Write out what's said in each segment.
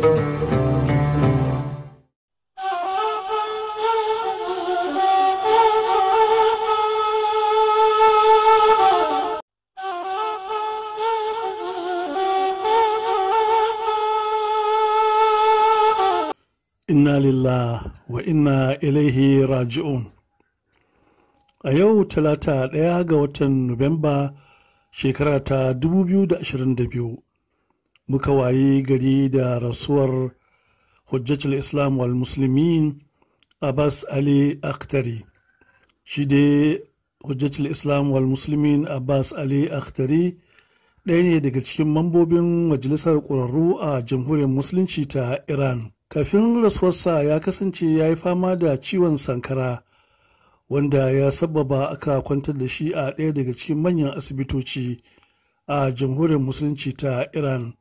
inna lillah wa inna ilaihi raji'un a yau talata ɗaya ga watan nuwamba shekara ta 2022 muka waye gari da rasuwar hujjatul islam wal muslimin abbas ali akhtari shi dai hujjatul islam wal muslimin abbas ali akhtari ɗaya ne daga cikin mambobin majalisar ƙwararru a jamhuriyar musulunci ta iran kafin rasuwarsa ya kasance ya yi fama da ciwon sankara wanda ya sababa aka kwantar da shi a ɗaya daga cikin manyan asibitoci a jamhuriyar musulunci ta iran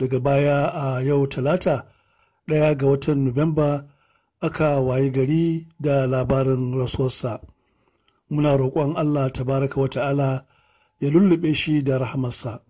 daga baya a yau talata ɗaya ga watan nuwamba aka wayi gari da labarin rasuwarsa muna roƙon allah tabaraka wa ta'ala ya lullube shi da rahamarsa